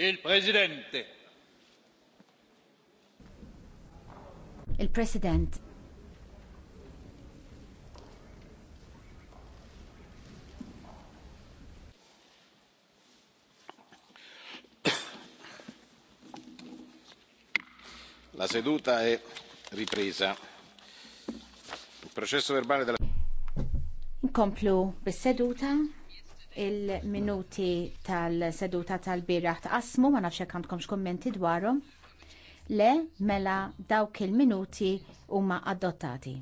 Il-Presidente. Il-President. La seduta è ripresa. Il processo verbale della Inkomplu bis-seduta il-minuti tal-seduta tal-biraħ taqasmu ma nafx jekk għandkomx kummenti dwarhom. Le mela dawk il-minuti huma adottati.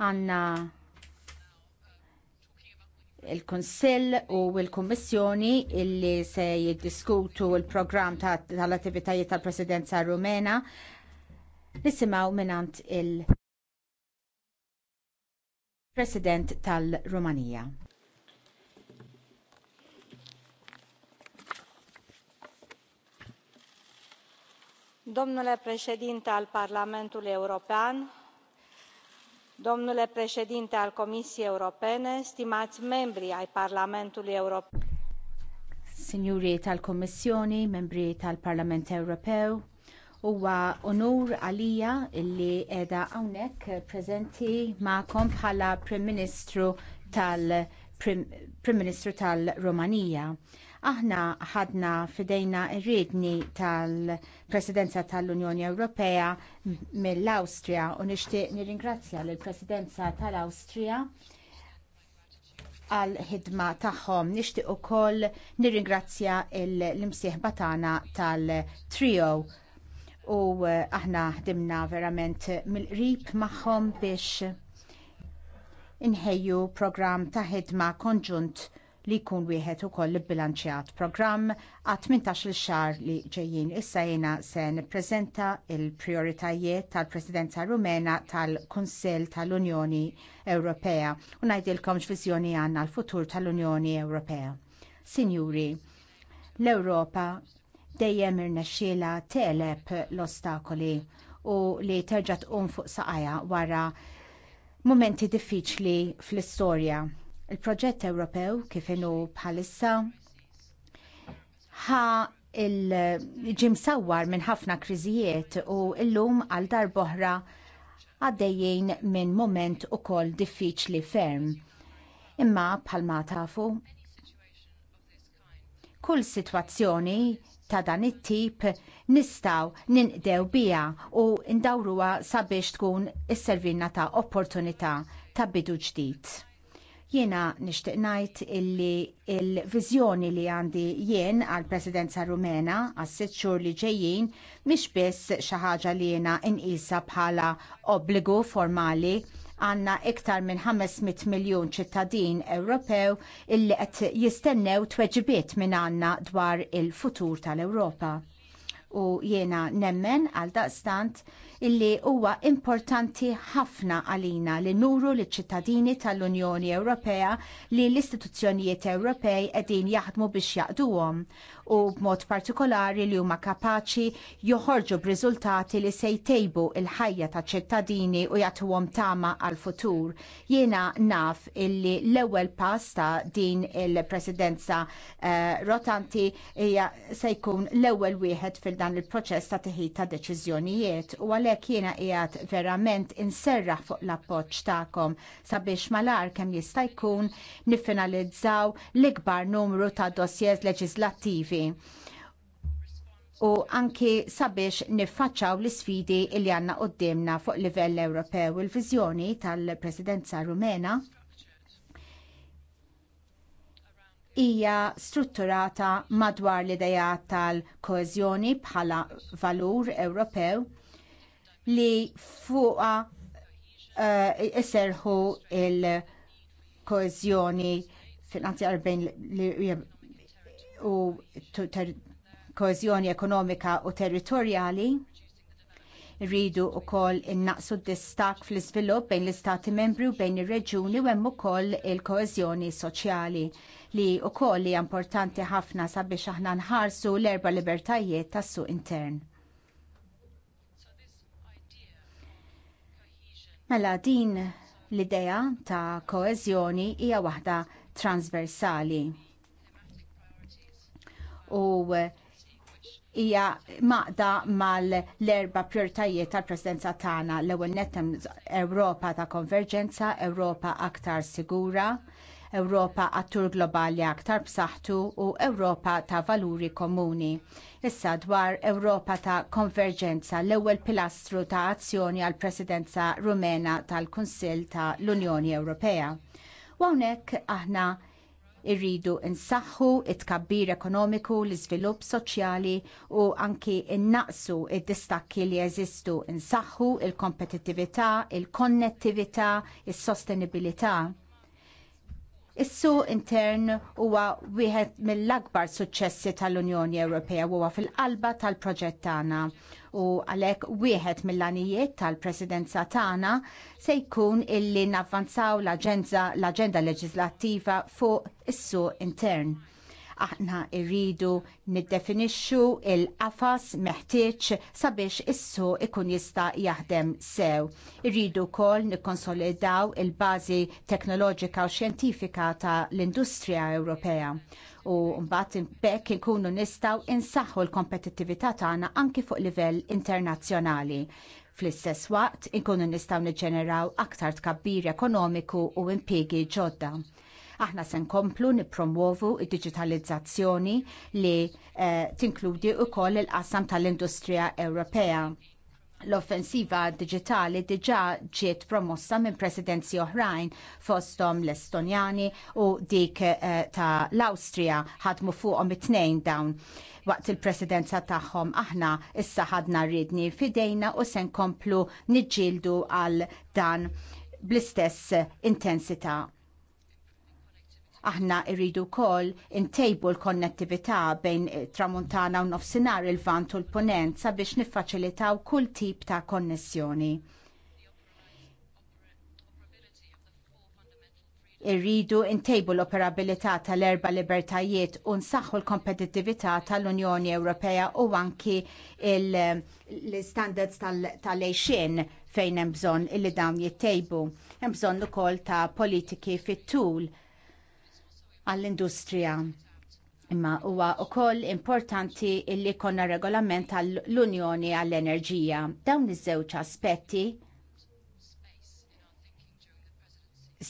Għanna il-Konsill u l-Kummissjoni il illi se jiddiskutu il-programm tal-attivitajiet tal-Presidenza Rumena. Nisimaw minant il- President tal-Rumanija. Domnule președinte al Parlamentului European, domnule președinte al Comisiei Europene, stimați membri ai Parlamentului European. Signori tal-Kommissjoni, membri tal-Parlament Ewropew, Huwa onur għalija illi edha hawnhekk preżenti magħkom bħala Prim Ministru tal- Prim Ministru tal-Romanija. Aħna ħadna fidejna ir tal-Presidenza tal-Unjoni Ewropea mill-Awstrija u nixtieq nirringrazzja lill-Presidenza tal austria għal ħidma tagħhom. Nixtieq ukoll nirringrazzja l-imsieħba tagħna tal-Trio u eh, aħna ħdimna verament mill-qrib magħhom biex inħejju programm ta' ħidma konġunt li jkun wieħed ukoll bilanċjat programm għat 18 xahar li ġejjin issa jiena se nippreżenta l-prijoritajiet tal-Presidenza Rumena tal kunsell tal-Unjoni Ewropea u ngħidilkom x'viżjoni għandna l-futur tal-Unjoni Ewropea. Sinjuri, l-Ewropa dejjem irnexxiela teleb l-ostakoli u li terġa' tqum fuq saqajja wara momenti diffiċli fl-istorja. Il-proġett Ewropew kif inhu bħalissa ħa il-ġim sawwar minn ħafna kriżijiet u llum għal darboħra għaddejjin minn moment ukoll diffiċli ferm. Imma bħalma tafu, kull sitwazzjoni ta' dan it-tip nistaw ninqdew biha u ndawruha sabiex tkun is-servinna ta' opportunità ta' bidu ġdid. Jiena nixtieq ngħid illi il-viżjoni li għandi jien għal presidenza rumena għas sitt xhur li ġejjin mhix biss xi ħaġa li jiena inqisha bħala obbligu formali għandna iktar minn 500 miljun ċittadin Ewropew illi qed jistennew tweġibiet minn għandna dwar il-futur tal-Ewropa. U jiena nemmen għal daqstant illi huwa importanti ħafna għalina li nuru li ċittadini tal-Unjoni Ewropea li l-istituzzjonijiet Ewropej edin jaħdmu biex jaqduhom u b'mod partikolari li huma kapaċi joħorġu b'riżultati li se jtejbu il-ħajja ta' ċittadini u jagħtuhom tama għal-futur. Jiena naf illi l-ewwel pass ta' din il-presidenza uh, rotanti hija se jkun l-ewwel wieħed fil dan il-proċess ta' tiħi ta' deċiżjonijiet u għalhekk għalhekk jiena qiegħed verament inserraħ fuq l-appoġġ tagħkom sabiex malar kemm jista' jkun niffinalizzaw l-ikbar numru ta' dossiers leġislattivi u anki sabiex niffaċċaw l-isfidi li għandna qudiemna fuq livell Ewropew il-viżjoni tal-Presidenza Rumena hija strutturata madwar l-idea tal koezjoni bħala valur Ewropew li fuqa uh, iserħu il-kozjoni finanzjar bejn u kozjoni ekonomika u territorjali rridu wkoll innaqsu d-distak fl-iżvilupp bejn l-istati membri u bejn ir-reġjuni u hemm ukoll il koezjoni soċjali li wkoll hija importanti ħafna sabiex aħna nħarsu l-erba' libertajiet tas-suq intern. Mela din l-idea ta' koeżjoni hija waħda transversali. U hija maqda mal-erba' prioritajiet tal-Presidenza tagħna l-ewwel nettem Ewropa ta' konverġenza, Ewropa aktar sigura, Ewropa attur globali aktar b'saħħtu u Ewropa ta' valuri komuni. Issa dwar Ewropa ta' konverġenza l-ewwel pilastru ta' azzjoni għall presidenza rumena tal-Kunsill ta' l-Unjoni Ewropea. U hawnhekk aħna irridu insaħħu it-kabbir ekonomiku, l-iżvilupp soċjali u anki innaqsu id-distakki li jeżistu insaħħu il-kompetittività, il-konnettività, is-sostenibilità. il kompetittività il konnettività is sostenibilità Is-suq intern huwa wieħed mill-akbar suċċessi tal-Unjoni Ewropea huwa fil-qalba tal-proġett tagħna u għalhekk wieħed mill-għanijiet tal-presidenza tagħna se jkun illi navvanzaw l-aġenda leġislattiva fuq is-suq intern Aħna irridu niddefinixxu il-qafas meħtieġ sabiex issu ikun jista' jaħdem sew. Irridu wkoll nikkonsolidaw il-bażi teknoloġika u xjentifika ta' l-industrija Ewropea u mbagħad bekk inkunu nistgħu insaħħu l-kompetittività tagħna anki fuq livell internazzjonali. Fl-istess waqt inkunu nistgħu niġġeneraw aktar tkabbir ekonomiku u impjiegi ġodda. Aħna se nkomplu nipromovu il digitalizzazzjoni li eh, tinkludi wkoll il-qasam tal-industrija Ewropea. L-offensiva digitali diġa ġiet promossa minn presidenzi oħrajn fostom l-Estonjani u dik eh, ta' l-Austria ħadmu fuqhom it-tnejn dawn. Waqt il-presidenza tagħhom aħna issa ħadna rridni fidejna u se nkomplu niġġieldu għal dan bl-istess intensità aħna irridu wkoll intejbu l-konnettività bejn eh, tramuntana u nofsinhar il-vant u l-ponent sabiex niffaċilitaw kull tip ta' konnessjoni. Irridu ntejbu l-operabilità tal-erba libertajiet u nsaħħu l-kompetittività tal-Unjoni Ewropea u anki l-standards tal-lejxin fejn hemm bżonn illi dawn jittejbu. Hemm bżonn ukoll ta' politiki fit-tul għall-industrija. Imma huwa wkoll importanti li konna regolament għall-Unjoni għall-Enerġija. Dawn iż-żewġ aspetti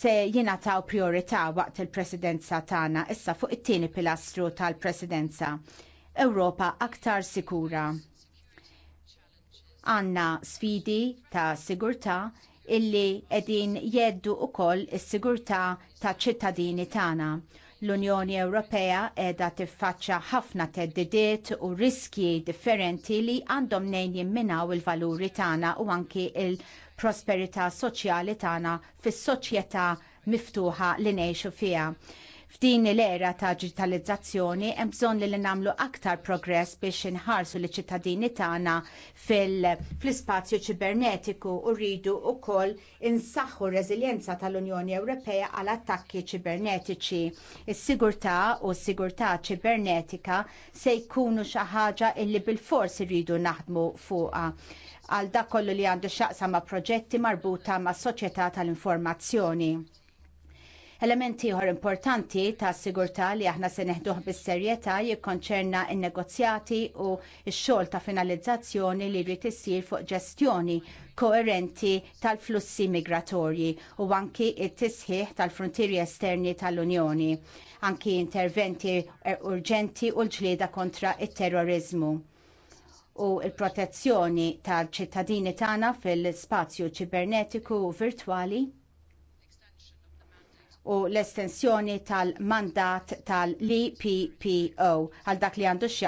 se jingħataw priorità waqt il-presidenza tagħna issa fuq it-tieni pilastru tal-presidenza. Ewropa aktar sikura għanna sfidi ta' sigurtà illi edin jeddu u koll is-sigurtà ta' ċittadini tagħna. L-Unjoni Ewropea edha tiffaċċa ħafna teddidiet u riskji differenti li għandhom nejn jimminaw il-valuri tagħna u anki il-prosperità soċjali tagħna fis-soċjetà miftuħa li ngħixu fiha F'din l-era ta' digitalizzazzjoni hemm bżonn li nagħmlu aktar progress biex inħarsu li ċittadini tagħna fl-ispazju ċibernetiku u rridu wkoll insaħħu r-reżiljenza tal-Unjoni Ewropea għal attakki ċibernetiċi. Is-sigurtà u s-sigurtà ċibernetika se jkunu xi ħaġa illi bilfors irridu naħdmu fuqha għal dak kollu li għandu xaqsa ma' proġetti marbuta ma' soċjetà tal-informazzjoni. Elementi ħor importanti ta' sigurtà li aħna se neħduh bis-serjetà jikkonċerna n-negozjati u x-xogħol ta' finalizzazzjoni li jrid issir fuq ġestjoni koerenti tal-flussi migratorji u anki t tisħiħ tal-frontieri esterni tal-Unjoni, anki interventi urġenti u l-ġlieda kontra it terrorizmu u l protezzjoni tal-ċittadini tagħna fil-spazju ċibernetiku u virtwali u l-estensjoni tal-mandat tal-EPPO għal dak li għandux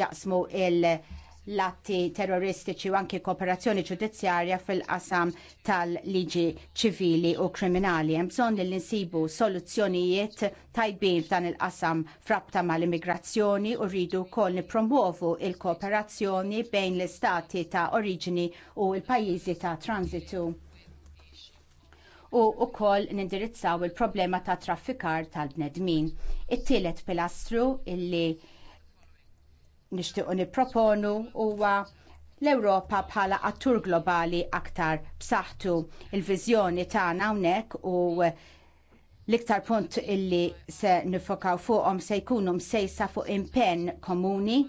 jaqsmu l-atti terroristiċi u anki kooperazzjoni ġudizzjarja fil-qasam tal-liġi ċivili u kriminali. Hemm bżonn li nsibu soluzzjonijiet tajbin f'dan il-qasam frabta mal-immigrazzjoni u rridu wkoll nipromuovu l kooperazzjoni bejn l-istati ta' oriġini u l-pajjiżi ta' transitu u wkoll nindirizzaw il-problema ta' traffikar tal-bnedmin. It-tielet pilastru illi nixtiequ nipproponu huwa l-Ewropa bħala attur globali aktar b'saħħtu il-viżjoni tagħna hawnhekk u l-iktar punt illi se nifokaw fuqhom se jkunu msejsa fuq impenn komuni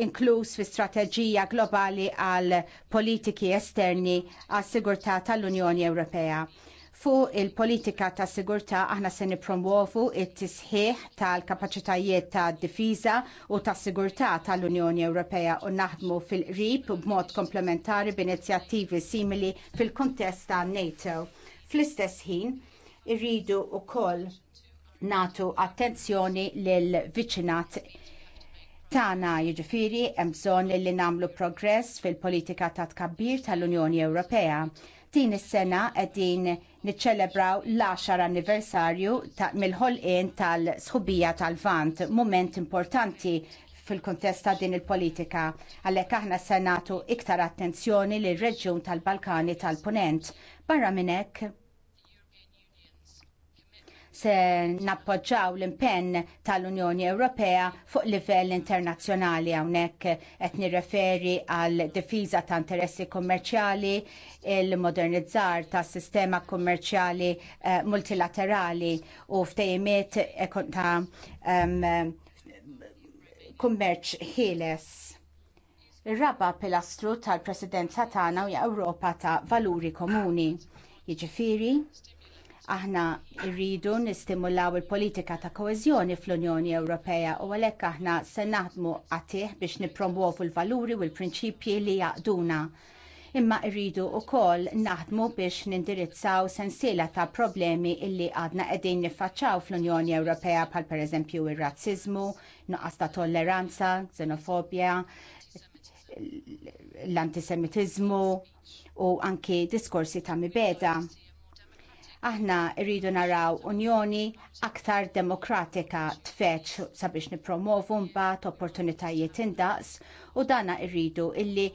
inkluż fi strateġija globali għal politiki esterni għas sigurtà tal-Unjoni Ewropea. Fu il-politika ta' sigurtà aħna se nippromuovu it-tisħiħ tal-kapaċitajiet ta' difiża u ta' sigurtà tal-Unjoni Ewropea u naħdmu fil-qrib b'mod komplementari b'inizjattivi simili fil-kontest ta' NATO. Fl-istess ħin, irridu wkoll nagħtu attenzjoni lill viċinat Tana jiġifieri hemm bżonn li nagħmlu progress fil-politika ta' tkabbir tal-Unjoni Ewropea. Din is-sena qegħdin niċċelebraw l-10 anniversarju mill-ħolqien tal-sħubija tal-Vant, mument importanti fil-kontest ta' din il-politika, għalhekk aħna se nagħtu iktar attenzjoni lir reġjun tal-Balkani tal-Punent. Barra minn hekk se nappoġġaw l-impenn tal-Unjoni Ewropea fuq livell internazzjonali hawnhekk qed nirreferi għal difiża ta' interessi kummerċjali, il-modernizzar ta' sistema kummerċjali uh, multilaterali u ftejimiet ta' um, kummerċ ħieles. Ir-raba pilastru tal-presidenza tagħna hija Ewropa ta' valuri komuni. Jiġifieri, Aħna rridu nistimulaw il-politika ta' koeżjoni fl-Unjoni Ewropea u għalhekk aħna se naħdmu għatih biex nippromuovu l-valuri u l-prinċipji li jaqduna imma rridu wkoll naħdmu biex nindirizzaw sensiela ta' problemi illi għadna qegħdin niffaċċaw fl-Unjoni Ewropea bħal pereżempju r razziżmu nuqqas ta' tolleranza, xenofobja, l antisemitiżmu u anki diskorsi ta' mibeda. Aħna rridu naraw Unjoni aktar demokratika tfeċ sabiex nipromovu mbagħad opportunitajiet indaqs u dana rridu illi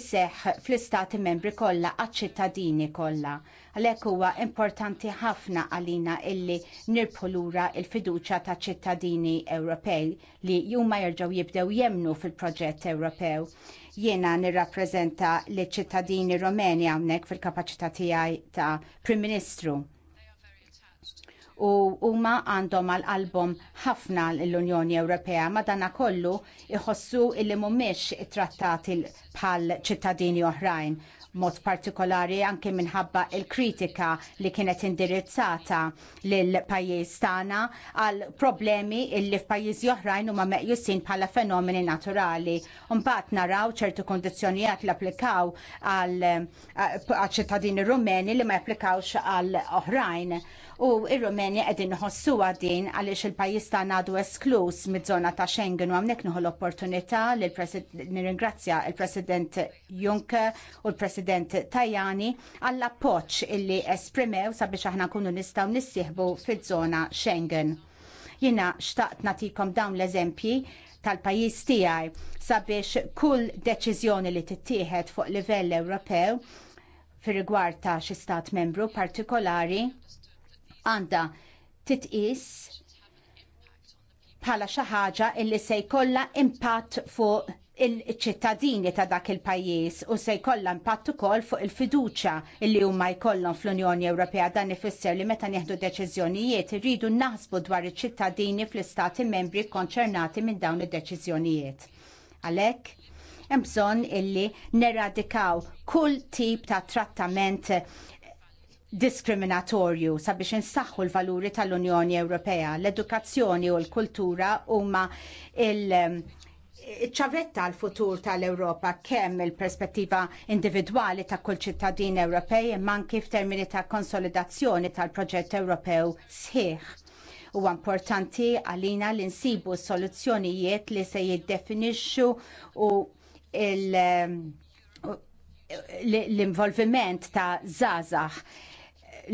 isseħ fl-istati membri kollha għaċ-ċittadini kollha. Għalhekk huwa importanti ħafna għalina illi nirpolura lura l-fiduċja ta' ċittadini Ewropej li juma jerġgħu jibdew jemnu fil-proġett Ewropew. Jiena nirrappreżenta li ċittadini Romeni hawnhekk fil-kapaċità tiegħi ta' Prim Ministru u huma għandhom għal album ħafna l-Unjoni Ewropea dana kollu iħossu illi mhumiex trattati bħal ċittadini oħrajn mod partikolari anke minħabba il-kritika li kienet indirizzata lil pajjiż tagħna għal problemi illi f'pajjiżi oħrajn huma meqjusin bħala fenomeni naturali. Mbagħad naraw ċertu kondizzjonijiet li applikaw eh, għal ċittadini rumeni li ma japplikawx għal oħrajn u il rumenja qegħdin nħossu din għaliex il-pajjiż tagħna għadu esklus miż-żona ta' Schengen u hemmhekk noħol l-opportunità li nirringrazzja il-President Juncker u l-President Tajani għall-appoġġ illi esprimew sabiex aħna nkunu nistgħu nissieħbu fiż-żona Schengen. Jiena xtaqt natikom dawn l-eżempji tal-pajis tiegħi sabiex kull deċiżjoni li tittieħed fuq livell Ewropew fir rigward ta' xi stat membru partikolari għanda titqis bħala xi ħaġa illi se jkollha impatt fuq il-ċittadini ta' dak il-pajjiż u se jkollha impatt ukoll fuq il-fiduċja li huma jkollhom fl-Unjoni Ewropea dan ifisser li meta nieħdu deċiżjonijiet irridu naħsbu dwar iċ-ċittadini fl-istati membri konċernati minn dawn id-deċiżjonijiet. Għalhekk hemm bżonn illi neradikaw kull tip ta' trattament diskriminatorju sabiex insaħħu l-valuri tal-Unjoni Ewropea. L-edukazzjoni u l-kultura huma il- um, ċavetta l-futur tal-Europa kemm il-perspettiva individwali ta' kull ċittadin Ewropej imma kif f'termini ta' konsolidazzjoni tal-proġett Ewropew sħiħ. Huwa importanti għalina li nsibu soluzzjonijiet li se jiddefinixxu u um, l-involviment ta' zazax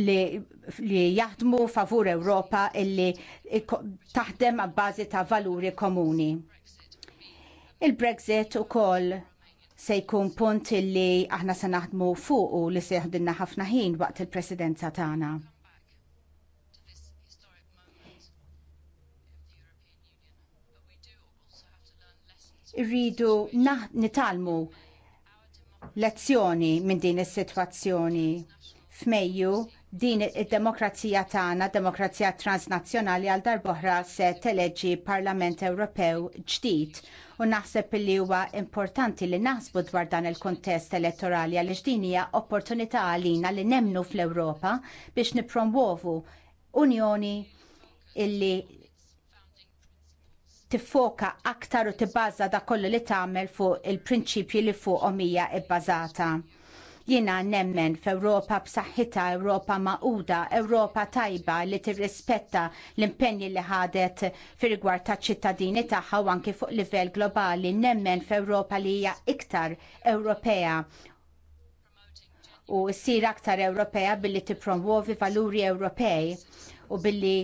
li, jaħdmu favur Ewropa illi taħdem għabbażi ta' valuri komuni. Il-Brexit u koll se jkun punt illi aħna se naħdmu fuq u li se seħdinna ħafna ħin waqt il-presidenza tagħna. Irridu nitalmu lezzjoni minn din is-sitwazzjoni f'Mejju din id-demokrazija tagħna, demokrazija transnazzjonali għal darboħra se teleġġi Parlament Ewropew ġdid u naħseb li huwa importanti li naħsbu dwar dan il-kontest elettorali għaliex din hija opportunità għalina li nemnu fl-Ewropa biex nippromwovu Unjoni illi tiffoka aktar u tibbaża da kollu li tagħmel fuq il-prinċipji li fuqhom hija bbażata. Jiena nemmen f'Ewropa b'saħħitha, Ewropa maquda, Ewropa tajba li tirrispetta l-impenni li ħadet fir rigward taċ ċittadini tagħha u anki fuq livell globali, nemmen f'Ewropa li hija iktar Ewropea u ssir aktar Ewropea billi tippromuovi valuri Ewropej u billi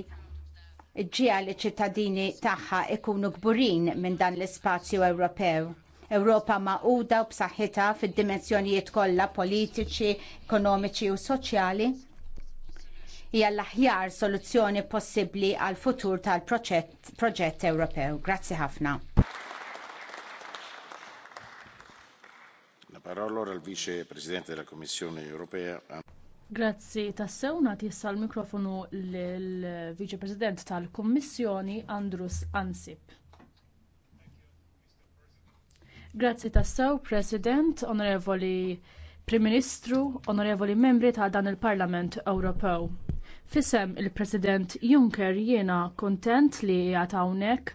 ġija li ċittadini tagħha ikunu kburin minn dan l-ispazju Ewropew Ewropa maquda u b'saħħitha fid-dimensjonijiet kollha politiċi, ekonomiċi u soċjali hija l-aħjar soluzzjoni possibbli għal futur tal-proġett Ewropew. Grazzi ħafna. La parola al Vice Presidente della Commissione Europea. Grazzi tassew nagħti issa l-mikrofonu lill viċe President tal-Kummissjoni Andrus Ansip. Grazzi tassaw, President, Onorevoli Prim Ministru, Onorevoli Membri ta' dan il-Parlament Ewropew. Fisem il-President Juncker jiena kuntent li għat hawnhekk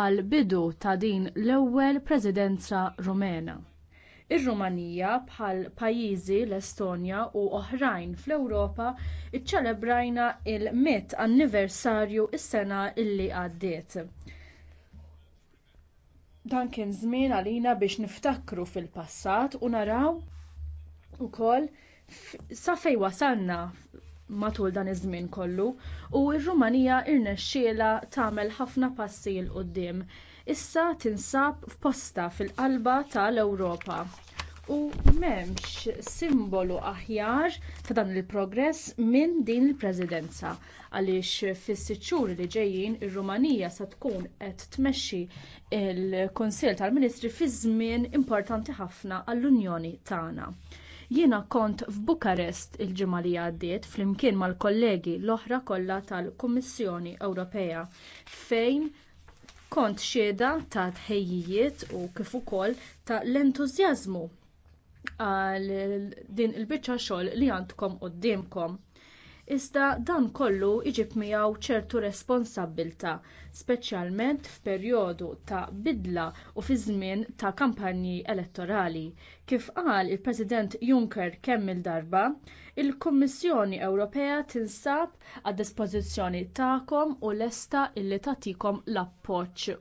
għal bidu ta' din l-ewwel Presidenza Rumena. Ir-Rumanija bħal pajjiżi l-Estonja u oħrajn fl-Ewropa iċċelebrajna l-100 anniversarju is sena illi għaddiet. Dan kien żmien għalina biex niftakru fil-passat u naraw ukoll sa fej wasalna matul dan iż-żmien kollu u r-Rumanija irnexxiela tagħmel ħafna passi l qudiem issa tinsab f'posta fil-qalba tal-Ewropa u m'hemmx simbolu aħjar ta' dan il-progress minn din il-Presidenza għaliex fis-sitt li ġejjin ir-Rumanija se tkun qed tmexxi l-Kunsill tal-Ministri fi żmien importanti ħafna għall-Unjoni tagħna jiena kont f'Bukarest il-ġimgħa li għaddiet flimkien mal-kollegi l-oħra kollha tal-Kummissjoni Ewropea fejn kont xieda ta' tħejjijiet u kif ukoll ta' l-entużjażmu għal din il-biċċa xogħol li għandkom qudiemkom. Iżda dan kollu iġib miegħu ċertu responsabbilta, speċjalment f'perjodu ta' bidla u fi żmien ta' kampanji elettorali. Kif qal il-President Juncker kemm il-darba, il-Kummissjoni Ewropea tinsab għad dispożizzjoni tagħkom u lesta illi tagħtikom l-appoġġ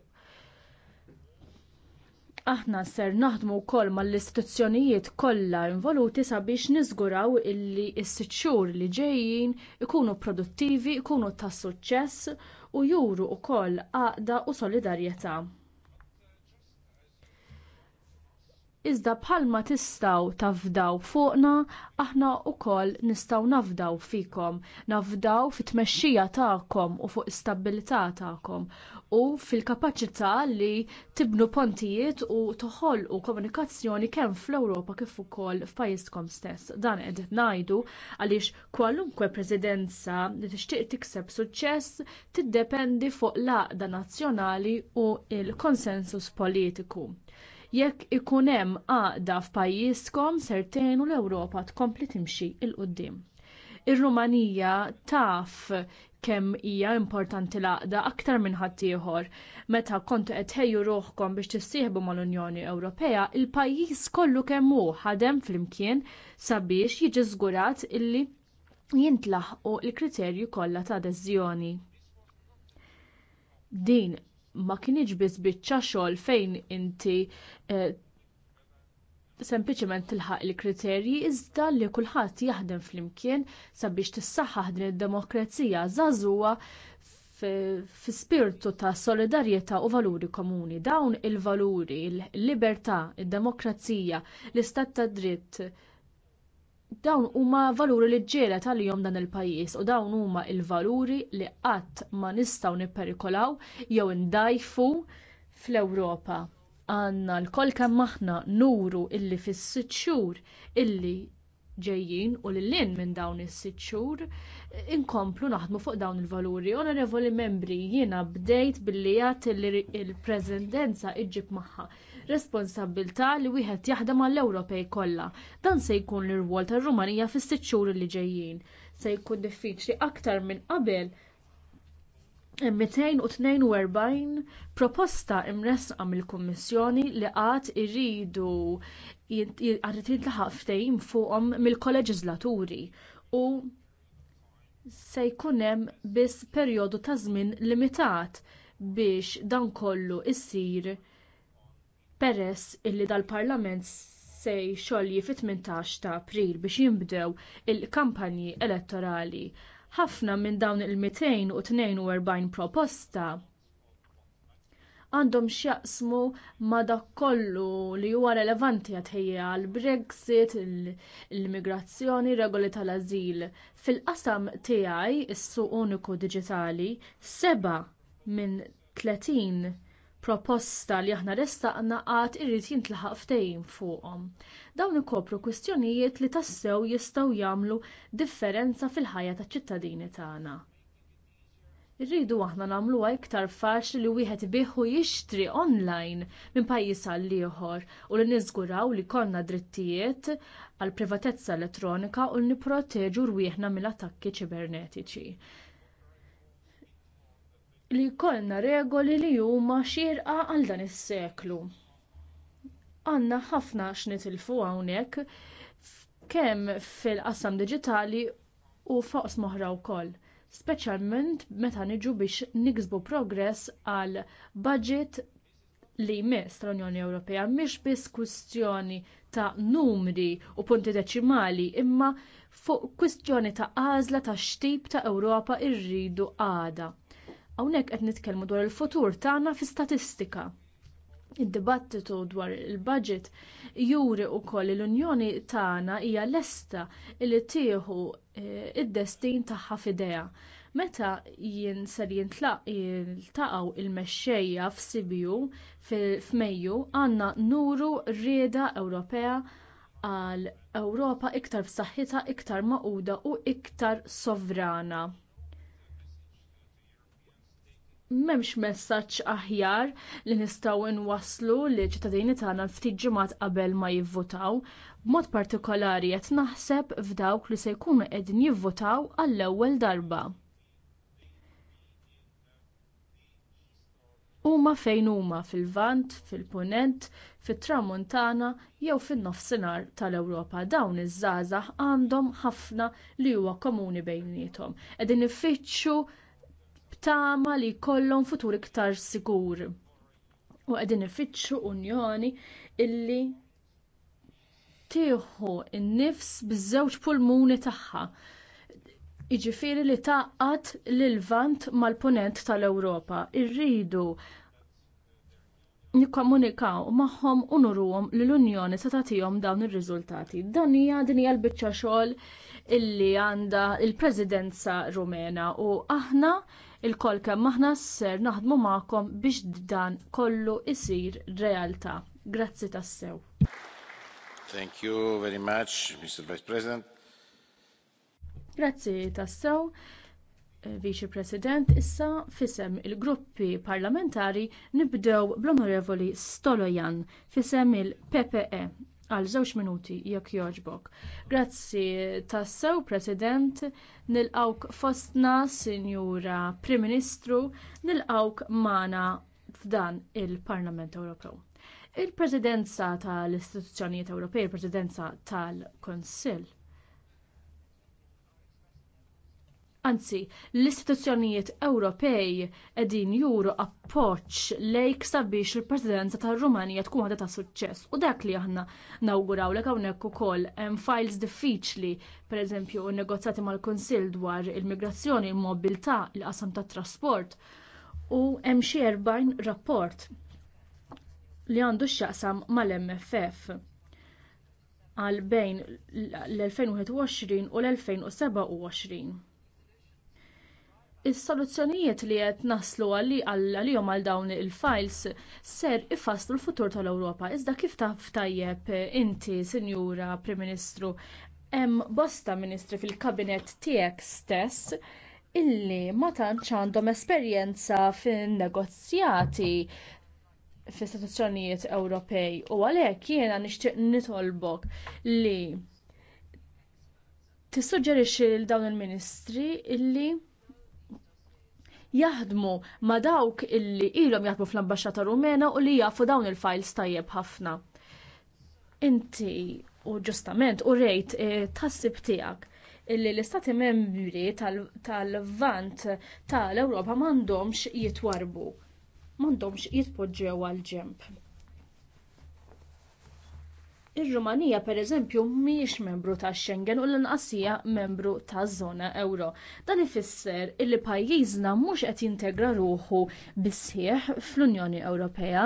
Aħna ser naħdmu wkoll mal-istituzzjonijiet kollha involuti sabiex niżguraw illi s-sitt xhur li ġejjin ikunu produttivi, ikunu ta' suċċess u juru wkoll għaqda u solidarjetà. iżda bħalma tistgħu tafdaw fuqna, aħna wkoll nistgħu nafdaw fikom, nafdaw fit-tmexxija tagħkom u fuq istabilità tagħkom u fil-kapaċità li tibnu pontijiet u toħolqu komunikazzjoni kemm fl-Ewropa kif ukoll f'pajjiżkom stess. Dan qed ngħidu għaliex kwalunkwe presidenza li tixtieq tikseb suċċess tiddependi fuq l-għaqda nazzjonali u l konsensus politiku. Jekk ikun hemm għaqda f'pajjiżkom ser tgħinu l-Ewropa tkompli timxi il qudiem Ir-Rumanija taf kemm hija importanti l-għaqda aktar minn ħaddieħor, Meta kontu qed ħejju ruħkom biex tissieħbu mal-Unjoni Ewropea, il-pajjiż kollu kemm hu ħadem flimkien sabiex jiġi żgurat illi jintlaħqu l-kriterju kollha ta' adeżjoni. Din ma kienx biss biċċa xogħol fejn inti eh, sempliċement tilħaq il-kriterji iżda li kulħadd jaħdem flimkien sabiex tissaħħaħ din id-demokrazija żagħżugħa fi spirtu ta' solidarjetà u valuri komuni. Dawn il-valuri, il-libertà, id-demokrazija, l-istat ta' dritt, dawn huma valuri li ġġieled għalihom dan il-pajjiż u dawn huma l-valuri li qatt ma nistgħu nipperikolaw jew ndajfu fl-Ewropa. Għandna lkoll kemm aħna nuru illi fis-sitt xhur illi ġejjin u lil minn dawn is-sitt xhur inkomplu naħdmu fuq dawn il-valuri. Onorevoli membri, jiena bdejt billi jgħat il prezidenza iġib maħħa responsabilta li wieħed jaħdem għall ewropej kollha. Dan se jkun l-irwol tar-Rumanija fis-sitt xhur li ġejjin. Se jkun diffiċli aktar minn qabel 242 proposta imresqa mill-Kummissjoni li qatt iridu għarritin jitlaħaq ftehim fuqhom mill-koleġislaturi u se jkun hemm biss perjodu ta' żmien limitat biex dan kollu jsir peress illi dal-Parlament se jxolli fit-18 ta' April biex jinbdew il-kampanji elettorali. Ħafna minn dawn il-242 proposta għandhom x'jaqsmu ma' kollu li huwa relevanti għatħejja għall brexit l-immigrazzjoni, regoli tal-ażil. Fil-qasam tiegħi is-suq uniku diġitali seba' minn 30 proposta li aħna restaqna qatt irid jintlaħaq ftehim fuqhom. Dawn ikopru kwistjonijiet li tassew jistgħu jagħmlu differenza fil-ħajja taċ-ċittadini tagħna. Irridu aħna nagħmluha iktar faċli li wieħed biħu jixtri online minn pajjiż għal ieħor u li niżguraw li konna drittijiet għal privatezza elettronika u li nipproteġu rwieħna mill-attakki ċibernetiċi. Li jkollna regoli li huma xierqa għal dan is-seklu Għandna ħafna x'nitilfu hawnhekk kemm fil-qasam diġitali u foqs moħra wkoll speċjalment meta niġu biex niksbu progress għal budget li jmiss tal-Unjoni Ewropea mhix biss kwistjoni ta' numri u punti deċimali imma fuq kwistjoni ta' għażla ta' xtib ta' Ewropa rridu għada. Hawnhekk qed nitkellmu dwar il-futur tagħna fi statistika. Id-dibattitu dwar il-budget juri wkoll li l-Unjoni tagħna hija lesta li tieħu e, id-destin tagħha f'idejha. Meta jien ser jiltaqgħu il-mexxejja f'Sibiu f'Mejju għandna nuru rieda Ewropea għal Ewropa iktar b'saħħitha iktar maquda u iktar sovrana memx messaċ aħjar li nistaw inwaslu li ċittadini tagħna ftit ġimgħat qabel ma jivvotaw, b'mod partikolari qed naħseb f'dawk li se jkunu qegħdin jivvotaw għall-ewwel darba. Huma fejn huma fil-vant, fil-punent, fit-tramuntana jew fin-nofsinhar tal-Ewropa dawn iż-żgħażagħ għandhom ħafna li huwa komuni bejniethom. Qegħdin ifittxu b'tama li jkollhom futur iktar sigur. U qegħdin ifittxu unjoni illi tieħu n-nifs biż-żewġ pulmuni tagħha. Jiġifieri li taqqat l-vant mal-punent tal-Ewropa. Irridu nikkomunikaw magħhom u nuruhom li l-Unjoni se tagħtihom dawn ir-riżultati. Dan hija din hija l-biċċa xogħol illi għandha l-Presidenza Rumena u aħna Il-koll kemm aħna ser naħdmu magħkom biex dan kollu isir realtà. Grazzi tassew. Thank you very much, Mr. Vice President. Grazzi tassew. Eh, Vice President, issa fisem il-gruppi parlamentari nibdew bl-Onorevoli Stolojan fisem il-PPE għal żewġ minuti jekk jogħġbok. Grazzi tassew, President, nilqawk fostna, Sinjura Prim Ministru, nilqawk mana f'dan il-Parlament Ewropew. Il-Presidenza tal-Istituzzjonijiet Ewropej, il-Presidenza tal kunsill Anzi, l-istituzzjonijiet Ewropej edin juru appoċ lejk sabiex il-Presidenza tar-Rumanija tkun għadha ta' suċċess. U dak li aħna nawgurawlek hawnhekk ukoll hemm files diffiċli, pereżempju n-negozjati mal-Kunsill dwar il-migrazzjoni, il-mobilità, il-qasam tat-trasport u hemm xi rapport li għandu x x-xaqsam mal-MFF għal bejn l-2021 u l-2027. Is-soluzzjonijiet li qed naslu għalihom għal dawn il-files ser ifasslu l-futur tal-Ewropa. Iżda kif taf tajjeb inti, Sinjura Prim Ministru, hemm bosta ministri fil-kabinet tiegħek stess illi ma tantx għandhom esperjenza fin-negozjati fl-istituzzjonijiet Ewropej u għalhekk jiena nixtieq nitolbok li tissuġġerixxi lil dawn il-ministri illi jaħdmu ma' dawk illi ilhom jaħdmu fl ambaxxata Rumena u li jafu dawn il-files tajjeb ħafna. Inti u ġustament u rejt e, tassib tiegħek illi l-istati membri tal-vant tal-Ewropa m'għandhomx jitwarbu, m'għandhomx jitpoġġew għal ġemp. Ir-Rumanija pereżempju mhijiex membru tax Schengen u l-inqasija membru taż-żona Ewro. Dan ifisser illi pajjiżna mhux qed jintegra ruħu bisħieħ fl-Unjoni Ewropea.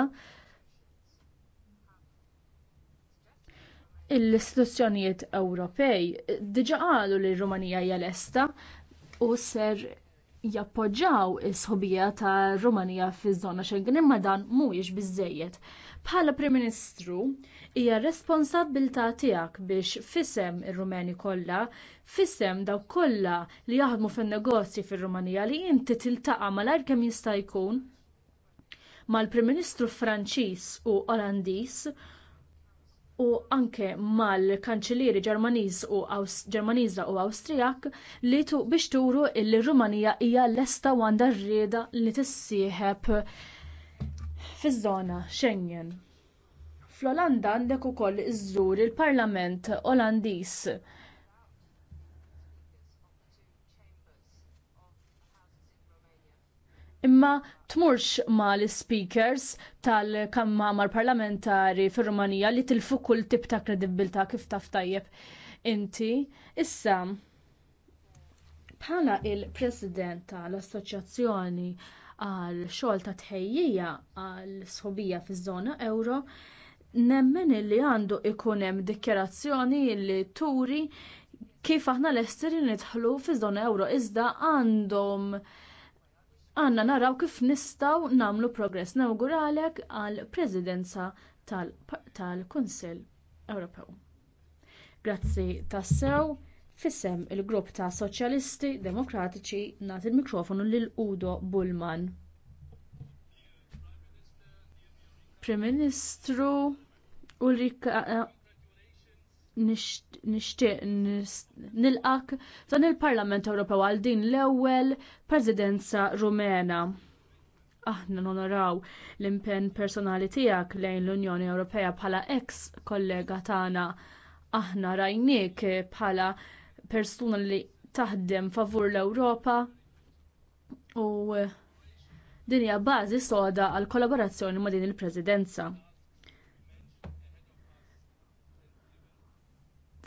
l-istituzzjonijiet Ewropej diġa qalu li r-Rumanija hija lesta u ser jappoġġaw is-sħobija ta' Rumanija fiż-żona Schengen imma dan mhuwiex biżżejjed. Bħala Prim Ministru, hija responsabbiltà tiegħek biex f'isem ir-Rumeni kollha, f'isem dawk kollha li jaħdmu fin-negozji fir-Rumanija li inti tiltaqa' malajr kemm jista' jkun mal-Prim Ministru Franċiż u Olandiż u anke mal-kanċilieri Ġermaniż u Ġermaniża u Awstrijak li tu biex turu li Rumanija hija lesta u r rieda li tissieħeb fiż-żona Schengen. Fl-Olanda għandek ukoll iżżur il-Parlament Olandiż. Imma tmurx ma l-speakers tal-Kamma Parlamentari fir-Rumanija li tilfu kull tip ta' kredibilta kif taf tajjeb inti. Issa, bħala il-president tal-assoċjazzjoni għal xogħol ta' tħejjija għal sħobija fiż-żona Ewro, nemmen li għandu ikun hemm dikjerazzjoni li turi kif aħna l-esteri nidħlu fi żona euro iżda għandhom għandna naraw kif nistgħu nagħmlu progress nawguralek għall presidenza tal-Kunsill Ewropew. Grazzi tassew fissem il-grupp ta' Soċjalisti Demokratiċi nagħti l mikrofonu lil Udo Bullman. Prim Ministru Ulrika eh, nixtieq nilqak dan il-Parlament Ewropew għal din l-ewwel Presidenza Rumena. Aħna nonoraw l-impenn personali tiegħek lejn l-Unjoni Ewropea bħala ex kollega tagħna. Aħna rajnik bħala persuna li taħdem favur l-Ewropa u dinja bażi soda għal kollaborazzjoni ma' din il-Presidenza.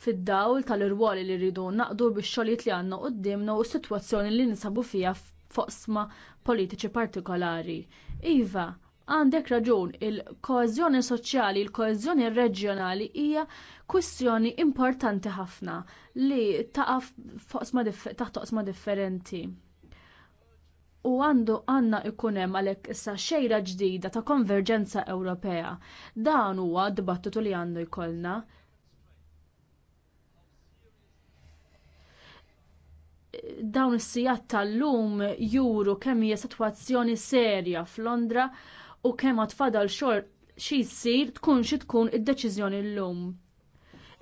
fid-dawl tal-irwoli li rridu naqdu bix xogħlijiet li għandna qudiemna u s-sitwazzjoni li ninsabu fiha foqsma politiċi partikolari. Iva, għandek raġun, il-koeżjoni soċjali, il-koeżjoni reġjonali hija kwistjoni importanti ħafna li taqa' taħt oqsma differenti. U għandu għanna ikunem għalek issa xejra ġdida ta' konverġenza Ewropea. Dan huwa dibattitu li għandu jkollna dawn is-sijat tal-lum juru kemm hija sitwazzjoni serja f'Londra u kemm għad tfadal xogħol xi jsir tkun xi tkun id-deċiżjoni llum.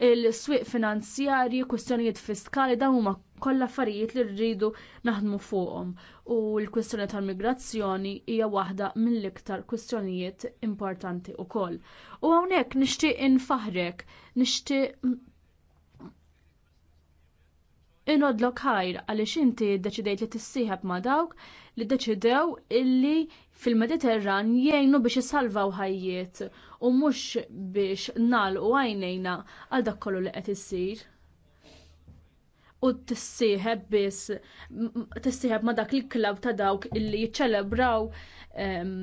Il-swieq finanzjarji, kwistjonijiet fiskali dawn huma kollha affarijiet li rridu naħdmu fuqhom u l-kwistjoni tal-migrazzjoni hija waħda mill-iktar kwistjonijiet importanti wkoll. U hawnhekk nixtieq infaħrek, nixtieq inodlok ħajr għaliex inti ddeċidejt li tissieħab ma' dawk li ddeċidew illi fil-Mediterran jgħinu biex isalvaw ħajjiet u mhux biex nagħlqu għajnejna għal dak kollu li qed issir. U tissieħeb biss tissieħeb ma' dak il-klab ta' dawk illi jiċċelebraw ehm,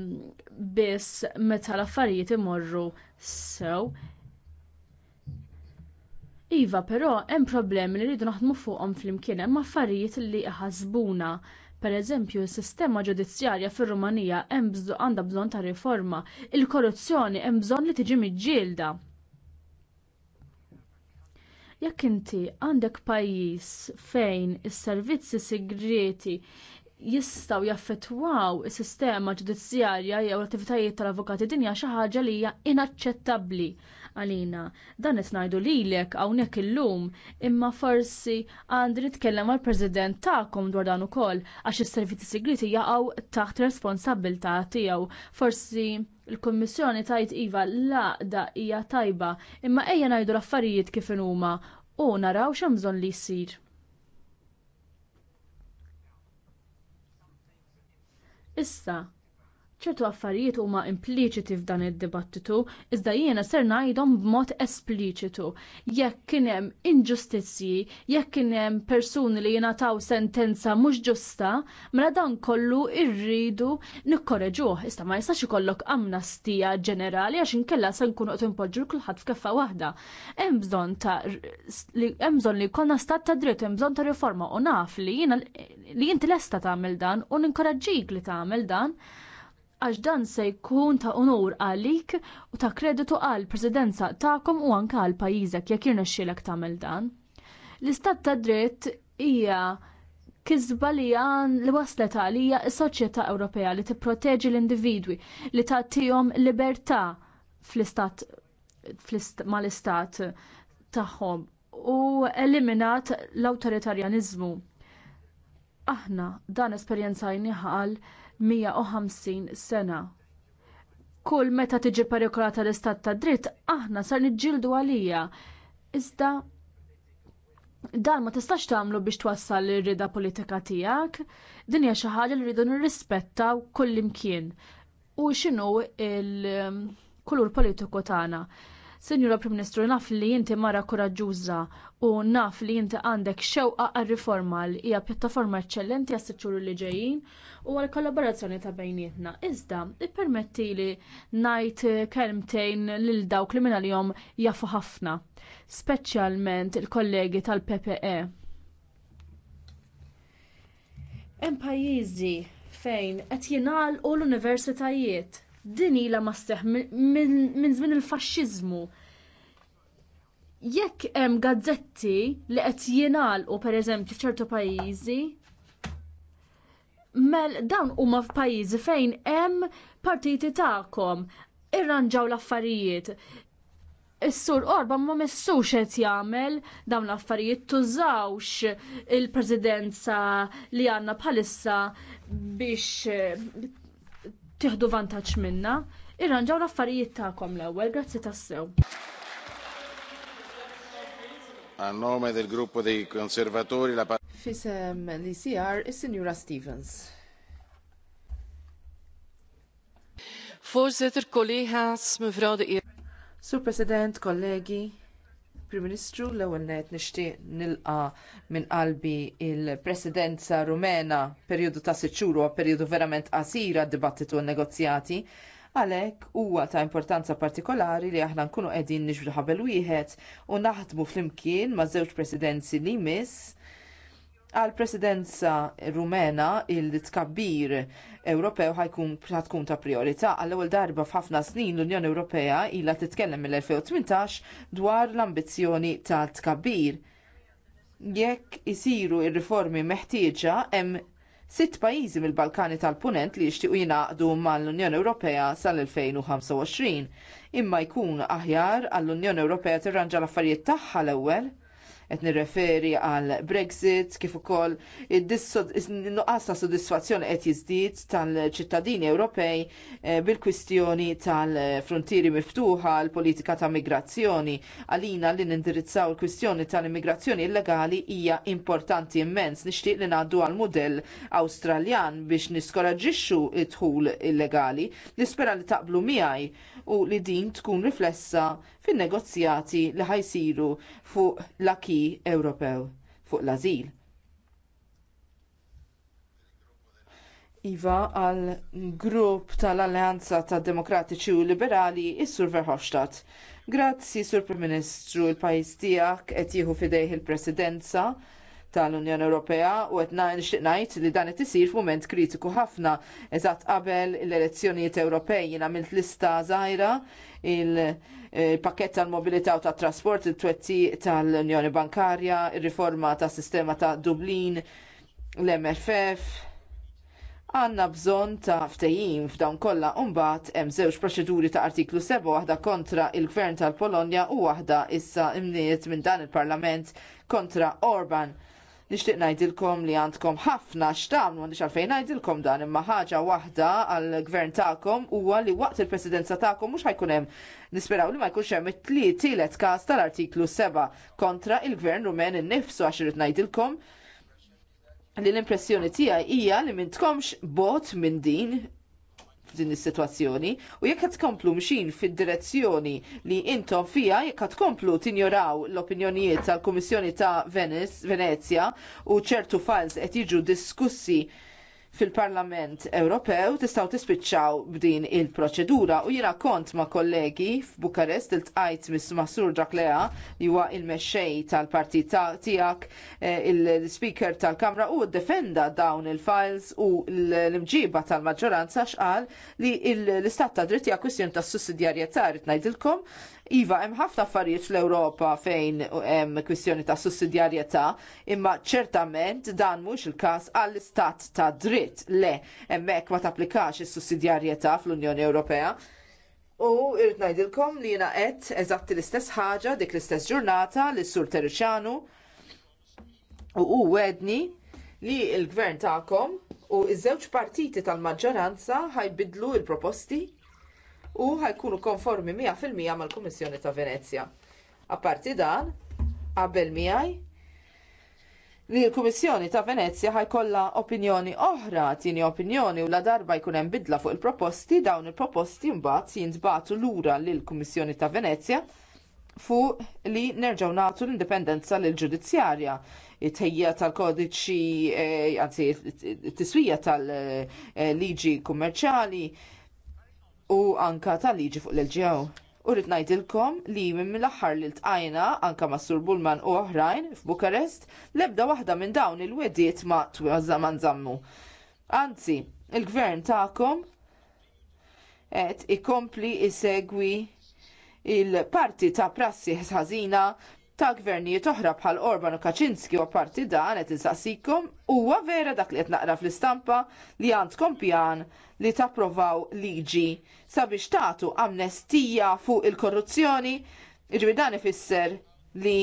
biss meta l-affarijiet imorru sew. So, Iva, però hemm problemi li rridu naħdmu fuqhom flimkien hemm affarijiet li ħasbuna. Pereżempju, s-sistema ġudizzjarja fir-Rumanija hemm għandha bżonn ta' riforma, il-korruzzjoni hemm bżonn li tiġi miġġielda. Jekk inti għandek pajjiż fejn is-servizzi segreti jistgħu jaffettwaw is-sistema ġudizzjarja jew l-attivitajiet tal-avukati dinja xi ħaġa li hija inaċċettabbli għalina. Dan qed ngħidu lilek hawnhekk illum, imma forsi għandi nitkellem mal president tagħkom dwar dan ukoll għax is-servizzi segreti jaqgħu taħt responsabilità tiegħu. Forsi l-Kummissjoni tajt iva l-għaqda hija tajba, imma ejja ngħidu l-affarijiet kif huma u naraw x'hemm bżonn li jsir. Issa ċertu affarijiet huma impliċiti f'dan id-dibattitu, iżda jiena ser ngħidhom b'mod espliċitu. Jekk kien hemm inġustizzji, jekk kien hemm persuni li jingħataw sentenza mhux ġusta, mela dan kollu rridu nikkoreġuh. Iżda ma jistax ikollok amnastija ġenerali għax inkella se nkunu qed inpoġġu kulħadd f'keffa waħda. Hemm bżonn ta' hemm bżonn li jkollna stat ta' dritt, hemm bżonn ta' riforma u naf li jiena li inti lesta tagħmel dan u ninkoraġġik li tagħmel dan għax dan se jkun ta' onur għalik u ta' kreditu għal presidenza ta'kom u anka għal pajjiżek jekk jirnexxielek tagħmel dan. L-istat ta' dritt hija kizba li għan li waslet għalija s-soċjetà Ewropea li t-proteġi l-individwi li tagħtihom libertà fl-istat mal-istat tagħhom u eliminat l-awtoritarjanizmu. Aħna dan esperjenza jniħal. 150 sena. Kull meta tiġi perikolata l-istat ta' dritt, aħna sar niġġieldu għalija. Iżda dan ma tistax tagħmlu biex twassal ir-rida politika tiegħek, din hija xi ħaġa li rridu nirrispettaw kullimkien. U x'inhu il-kulur politiku tagħna. Senjura Prim Ministru, naf li inti mara koraġġuża u naf li inti għandek xewqa għal-riforma li hija pjattaforma eċċellenti għas siċċuru li ġejjin u għal kollaborazzjoni ta' bejnietna. Iżda, ippermetti li ngħid kelmtejn lil dawk li minn għal-jom jafu ħafna, speċjalment il-kollegi tal-PPE. Hemm pajjiżi fejn qed jingħalqu l-universitajiet din ilha ma seħħ minn żmien il fasċizmu Jekk hemm gazzetti li qed jingħalqu pereżempju f'ċertu pajjiżi, mel dawn huma f'pajjiżi fejn hemm partiti tagħkom irranġaw l-affarijiet. Is-sur Orba ma missux qed jagħmel dawn l-affarijiet tużawx il-presidenza li għandna bħalissa biex tieħdu vantaġġ minna, irranġaw l-affarijiet tagħkom l-ewwel, grazzi tassew. A nome del gruppo dei conservatori la Fisem l-ICR is Signora Stevens. Voorzitter, collega's, mevrouw de Sur President, kollegi, Prim Ministru l-ewwel qed nixtieq nilqa minn qalbi l presidenza Rumena perjodu ta' sitt xhur huwa perjodu verament qasir għad-dibattitu u negozjati. Għalhekk huwa ta' importanza partikolari li aħna nkunu qegħdin niġbru ħabel wieħed u naħdmu flimkien ma' żewġ presidenzi li jmiss għal presidenza rumena il-tkabbir Ewropew ħajkun tkun ta' priorità għall ewwel darba f'ħafna snin l-Unjoni Ewropea ilha titkellem mill-2018 dwar l-ambizzjoni ta' tkabbir. Jekk isiru r riformi meħtieġa hemm sitt pajjiżi mill-Balkani tal-Punent li jixtiequ jingħaqdu mal-Unjoni Ewropea sal-2025. Imma jkun aħjar għall-Unjoni Ewropea tirranġa l-affarijiet tagħha l-ewwel qed nirreferi għal Brexit kif ukoll nuqqas ta' sodisfazzjoni qed jiżdied tal-ċittadini Ewropej eh, bil-kwistjoni tal-frontieri miftuħa l-politika ta' migrazzjoni. Għalina li nindirizzaw il-kwistjoni tal-immigrazzjoni illegali hija importanti immens nixtieq li ngħaddu għal mudell Awstraljan biex niskoraġġixxu id-dħul illegali. Nispera li taqblu miegħi u li din tkun riflessa fin-negozjati li ħajsiru fuq l-aki Ewropew fuq l-azil. Iva għal grupp tal-Alleanza tad Demokratiċi u Liberali is-Sur Verhofstadt. Grazzi, Sur Prim Ministru, il pajjiż tiegħek qed jieħu fidejh il-Presidenza tal-Unjoni Ewropea u qed ngħid li dan qed isir f'mument kritiku ħafna eżatt qabel l-elezzjonijiet Ewropej jien għamilt lista żgħira eh, il-pakket tal-mobilità u tat-trasport, it-twetti tal-Unjoni Bankarja, ir-riforma tas-sistema ta' Dublin, l-MFF, għanna bżon ta' ftejim f'dawn kollha mbagħad hemm żewġ proċeduri ta' artiklu 7 waħda kontra l gvern tal-Polonja u waħda issa imniet minn dan il-Parlament kontra Orban nixtieq ngħidilkom li għandkom ħafna x'tamlu għandi għalfejn ngħidilkom dan imma ħaġa waħda għall-gvern tagħkom huwa li waqt il-presidenza tagħkom mhux ħajkun hemm nisperaw li ma jkunx hemm it-tielet każ tal-artiklu 7 kontra il-gvern rumen innifsu għax irid ngħidilkom li l-impressjoni tiegħi hija li m'intkomx bot minn din f'din is-sitwazzjoni u jekk qed tkomplu mxin fid-direzzjoni li intom fija jekk qed tkomplu tinjoraw l-opinjonijiet tal-Kummissjoni ta' Venezia u ċertu files qed jiġu diskussi fil-Parlament Ewropew tistgħu tispiċċaw b'din il-proċedura u jiena kont ma' kollegi f'Bukarest il-tqajt mis Masur Ġaklea li huwa il-mexxej tal-partit tiegħek eh, il-Speaker tal-Kamra u ddefenda dawn il-files u l-imġiba tal-maġġoranza x'qal li l-istat ta' dritt hija kwistjoni tas sussidjarjetà rid ngħidilkom Iva, hemm ħafna affarijiet fl-Ewropa fejn hemm kwistjoni ta' sussidjarjetà, imma ċertament dan mhux il-każ għall-istat ta' dritt le hemmhekk ma tapplikax is-sussidjarjetà fl-Unjoni Ewropea. U irrid ngħidilkom li jiena qed eżatti l-istess ħaġa dik l-istess ġurnata li sur Terriċanu u hu wedni li l-gvern tagħkom u ż-żewġ partiti tal-maġġoranza ħajbidlu l proposti u ħajkunu konformi 100% mal-Kummissjoni ta' Venezja. Apparti dan, qabel miegħi li l-Kummissjoni ta' Venezja ħajkollha opinjoni oħra, tieni opinjoni u la darba jkun hemm bidla fuq il-proposti, dawn il-proposti mbagħad jintbagħtu lura lill kummissjoni ta' Venezja fuq li nerġgħu nagħtu l-indipendenza lill ġudizzjarja it-tejja tal-kodiċi, eh, anzi t-tiswija tal-liġi eh, kummerċali, u anka tal-liġi fuq l ġew U rrid ngħidilkom li minn l aħħar li tqajna anke ma' Sur Bullman u oħrajn f'Bukarest l-ebda waħda minn dawn il-wediet ma tważaman zammu. Anzi, il-gvern tagħkom qed ikompli isegwi il-parti ta' prassi ħażina ta' gvernijiet oħra bħal Orban u Kaczynski u parti dan qed insaqsikom huwa vera dak li qed naqra fl-istampa li għandkom pjan li tapprovaw liġi sabiex tagħtu amnestija fuq il-korruzzjoni, jiġri dan ifisser li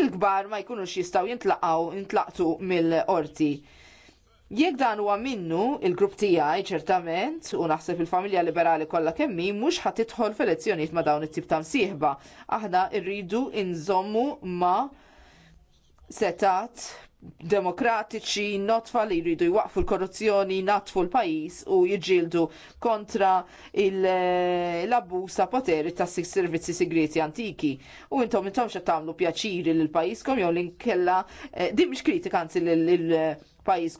il-gbar il ma jkunux jistgħu jintlaqgħu jintlaqtu mill qorti Jekk dan huwa minnu il-grupp tiegħi ċertament u naħseb il-familja liberali kollha kemmi mhux ħadd tidħol f'elezzjonijiet ma' dawn it-tip ta' msieħba. Aħna rridu inżommu ma' setat demokratiċi, notfa li jridu jwaqfu l-korruzzjoni, natfu l-pajis u jġildu kontra eh, l-abbuż ta' poteri ta' servizzi segreti antiki. U intom intom xa tamlu pjaċiri l kom jew l-inkella, eh, din mhix kritika anzi l eh,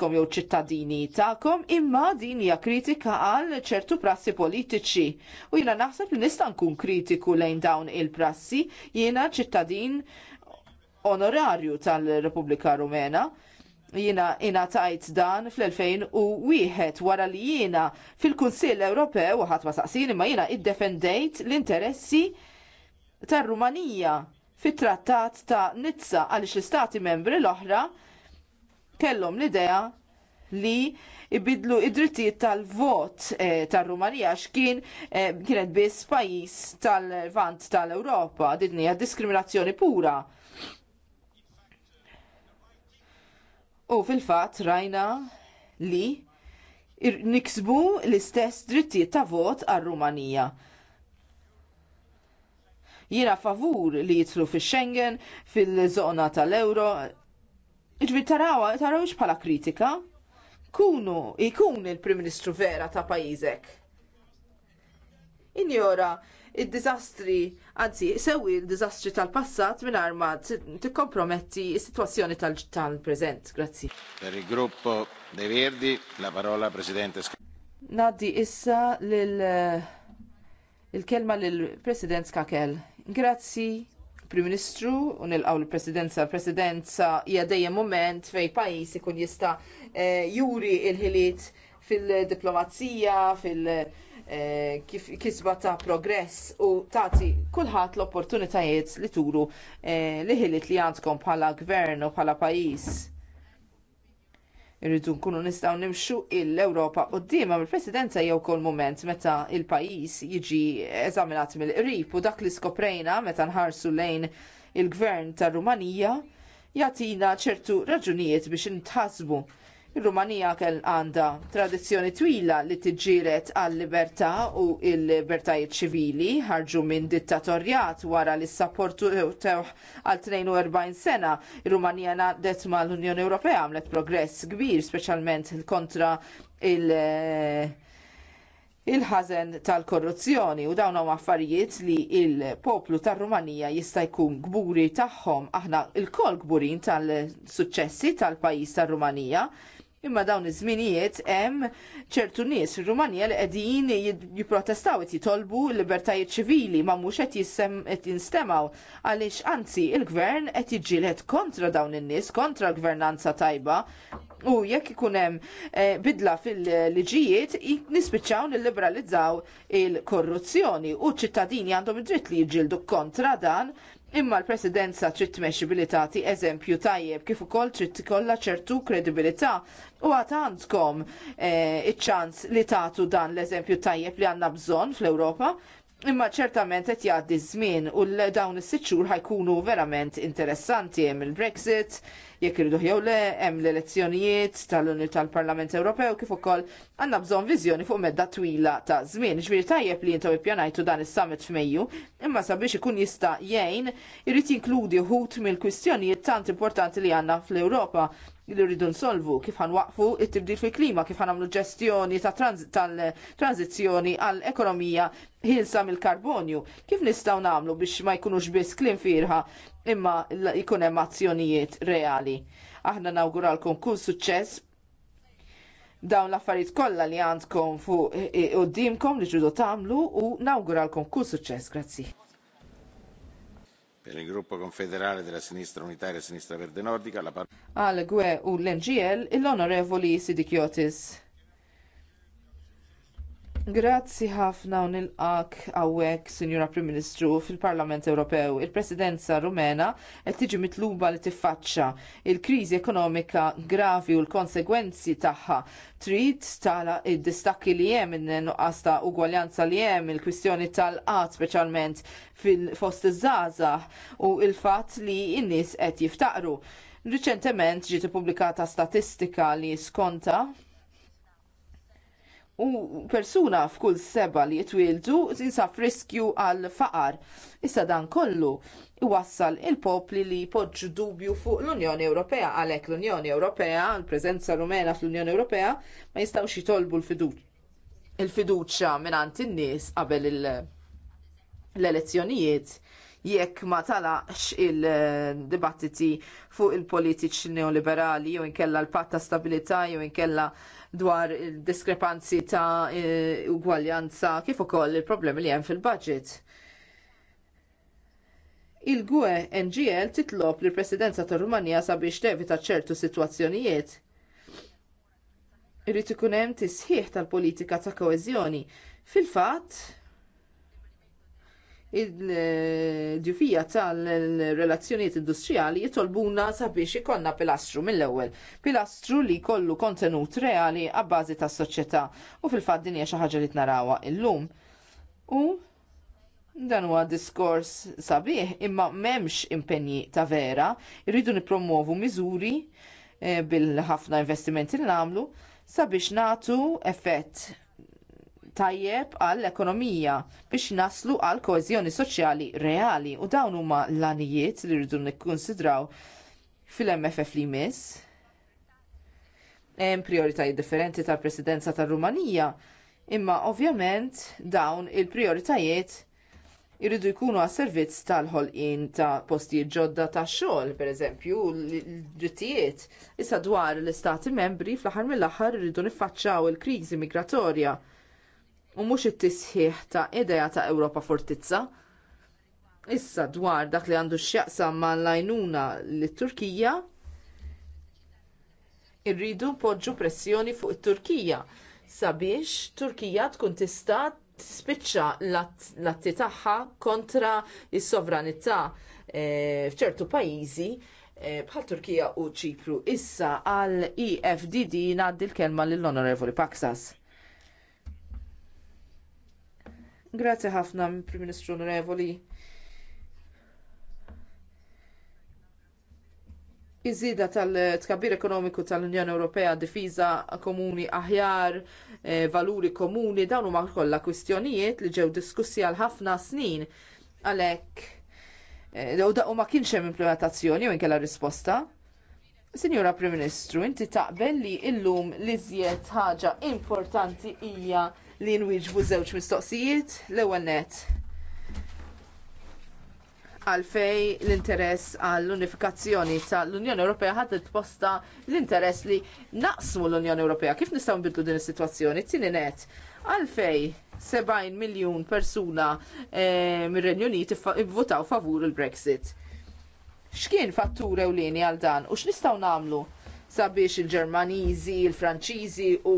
kom jew ċittadini ta'kom, imma din hija kritika għal ċertu prassi politiċi. U jina naħseb li nista' nkun kritiku lejn dawn il-prassi, jiena ċittadin onorarju tal-Repubblika Rumena jina jina tajt dan fl-2001 wara li jina fil-Kunsill Ewropew ħadd ma saqsini ma jina iddefendejt l-interessi tar-Rumanija fit-trattat ta' Nizza għaliex l-istati membri l-oħra kellhom l-idea li ibidlu id-drittijiet tal-vot e, eh, tal-Rumanija x'kien e, eh, kienet biss pajjiż tal-vant tal-Ewropa, din hija diskriminazzjoni pura U fil-fatt rajna li niksbu l-istess drittijiet ta' vot għar-Rumanija. Jiena favur li jitlu fix Schengen, fil-żona tal-Euro. Iġbir taraw, taraw bħala kritika. Kunu, ikun il-Prim Ministru vera ta' pajjiżek. Injora id dizastri anzi, sewwi il diżastri tal-passat mingħajr ma tikkomprometti s-sitwazzjoni tal-preżent. Grazzi. Per il gruppo De Verdi, la parola Presidente. Naddi issa l kelma lill-President Skakel. Grazzi, Prim Ministru, u nilqgħu l-Presidenza. l Presidenza hija dejjem moment fej pajjiż ikun jista' eh, juri il-ħiliet fil-diplomazija, fil-, -diplomazija, fil Eh, kif kisba ta' progress u tagħti kulħadd l-opportunitajiet li turu eh, li ħiliet li għandkom bħala gvern u bħala pajjiż irridu nkunu nistgħu nimxu l-Ewropa qudiema mill-Presidenza jew kol mument meta l pajjiż jiġi eżaminat mill-qrib u dak li skoprejna meta nħarsu lejn il-Gvern tar Rumanija jagħtina ċertu raġunijiet biex intħasbu il rumanija kell għandha tradizzjoni twila li tiġġieled għal libertà u l-libertajiet ċivili ħarġu minn dittatorjat wara li s-sapportu tewħ għal 42 sena. Ir-Rumanija ma mal-Unjoni Ewropea għamlet progress kbir, speċjalment kontra il- il ħazen tal-korruzzjoni u dawn huma affarijiet li l poplu tar-Rumanija jista' jkun gburi tagħhom aħna lkoll kburin tal-suċċessi tal-pajjiż tar-Rumanija imma dawn iż-żminijiet hemm ċertu nies fir-Rumanija li qegħdin jipprotestaw qed jitolbu l-libertajiet ċivili ma mhux qed jinstemaw għaliex anzi l gvern qed jiġġieled kontra dawn in-nies, kontra l-gvernanza tajba u jekk ikun hemm e, bidla fil-liġijiet nispiċċaw nilliberalizzaw il-korruzzjoni u ċ ċittadini għandhom id-dritt li jiġġieldu kontra dan Imma l-presidenza trid tmexxi billi tagħti eżempju tajjeb kif ukoll trid tikollha ċertu kredibilità u għad għandkom eh, iċ-ċans li tagħtu dan l-eżempju tajjeb li għandna bżonn fl-Ewropa. Imma ċertament qed jgħaddi żmien u dawn is-sitt xhur ħajkunu verament interessanti hemm il-Brexit, jekk irridu jew le hemm l-elezzjonijiet tal-Unju tal-Parlament Ewropew kif ukoll għandna bżonn viżjoni fuq medda twila ta' żmien. Ġbir tajjeb li intom ippjanajtu dan is-summit f'Mejju, imma sabiex ikun jista' jgħin irrid jinkludi wħud mill-kwistjonijiet tant importanti li għandna fl-Ewropa li rridu nsolvu kif ħanwaqfu it-tibdil fil-klima, kif ħanamlu ġestjoni ta' tal-tranzizzjoni għall ekonomija ħilsa mill-karbonju. Kif nistgħu nagħmlu biex ma jkunux biss klim firħa imma jkun hemm azzjonijiet reali. Aħna nawguralkom kull suċċess dawn l-affarijiet kollha li għandkom fuq qudiemkom li ġudu tagħmlu u nawguralkom kull suċċess. Grazzi. Per il e u l-NGL, e il onorevoli Sidikiotis. Grazzi ħafna u nilqak għawek, Sinjura Prim Ministru, fil-Parlament Ewropew. Il-Presidenza Rumena qed tiġi mitluba li tiffaċċa il-kriżi ekonomika gravi u l-konsegwenzi tagħha. Trid tala id-distakki li hemm in-nuqqas ta' ugwaljanza li hemm il-kwistjoni tal-qatt speċjalment fil-fost iż-żgħażagħ u l-fatt li n-nies qed jiftaqru. Riċentement ġiet ippubblikata statistika li skonta u persuna f'kull seba li jitwildu jinsab riskju għal faqar. Issa dan kollu iwassal il-popli li jpoġġu dubju fuq l-Unjoni Ewropea għalhekk l-Unjoni Ewropea, l-preżenza rumena fl-Unjoni Ewropea ma jistgħux jitolbu l-fiduċja il mingħand in-nies qabel l-elezzjonijiet jekk ma talaqx il-dibattiti fuq il-politiċi neoliberali jew inkella l-patt ta' stabilità jew inkella dwar il-diskrepanzi ta' ugwaljanza kif ukoll il-problemi li hemm fil-budget. Il-GUE NGL titlob lill presidenza tar Rumanija sabiex tevita ċertu sitwazzjonijiet. Irrid ikun hemm tisħiħ tal-politika ta' koeżjoni. Fil-fatt, il ġifija tal-relazzjoniet industrijali jitolbuna sabiex ikonna pilastru mill-ewwel. Pilastru li jkollu kontenut reali għabbażi tas soċjetà u fil-fatt din hija xi ħaġa li tnarawha illum. U dan huwa diskors sabiħ imma m'hemmx impenji ta' vera, irridu nippromovu miżuri eh, bil-ħafna investimenti li nagħmlu sabiex nagħtu effett tajjeb għall-ekonomija biex naslu għal koeżjoni soċjali reali u dawn huma l-anijiet li rridu nikkonsidraw fil-MFF li jmiss. Hemm prioritajiet differenti tal-Presidenza tar-Rumanija, imma ovvjament dawn il-prioritajiet irridu jkunu għas servizz tal-ħolqien ta' postijiet ġodda tax xogħol, pereżempju l ġittijiet Issa dwar l-istati membri fl-aħħar mill-aħħar irridu niffaċċjaw il-kriżi migratorja u mhux it-tisħiħ ta' idea ta' Ewropa Fortizza. Issa dwar dak li għandu x'jaqsam ma' lajnuna lit turkija irridu poġġu pressjoni fuq it-Turkija sabiex Turkija tkun tista' tispiċċa l-atti tagħha kontra s-sovranità eh, f'ċertu pajjiżi eh, bħal Turkija u ċipru. Issa għal EFDD ngħaddi l-kelma lill-Onorevoli Paksas. Grazzi ħafna, Prim Ministru Onorevoli. Iżida tal-tkabbir ekonomiku tal-Unjoni Ewropea, difiża komuni aħjar, eh, valuri komuni, dawn huma kollha kwistjonijiet li ġew diskussi għal ħafna snin għalhekk eh, u da ma kienx hemm implementazzjoni u inkella risposta. Sinjura Prim Ministru, inti taqbel li illum li żjed ħaġa importanti hija li nwieġbu żewġ mistoqsijiet l-ewwel nett. Għalfej l-interess għall-unifikazzjoni tal-Unjoni Ewropea ħadd posta l-interess li naqsmu l-Unjoni Ewropea. Kif nistgħu nbiddlu din is-sitwazzjoni? Tieni net. Għalfej 70 miljun persuna eh, mir-Renju Unit ivvutaw favur il-Brexit. X'kien fattur ewlieni għal dan u x'nistgħu nagħmlu sabiex il-Ġermaniżi, il-Franċiżi u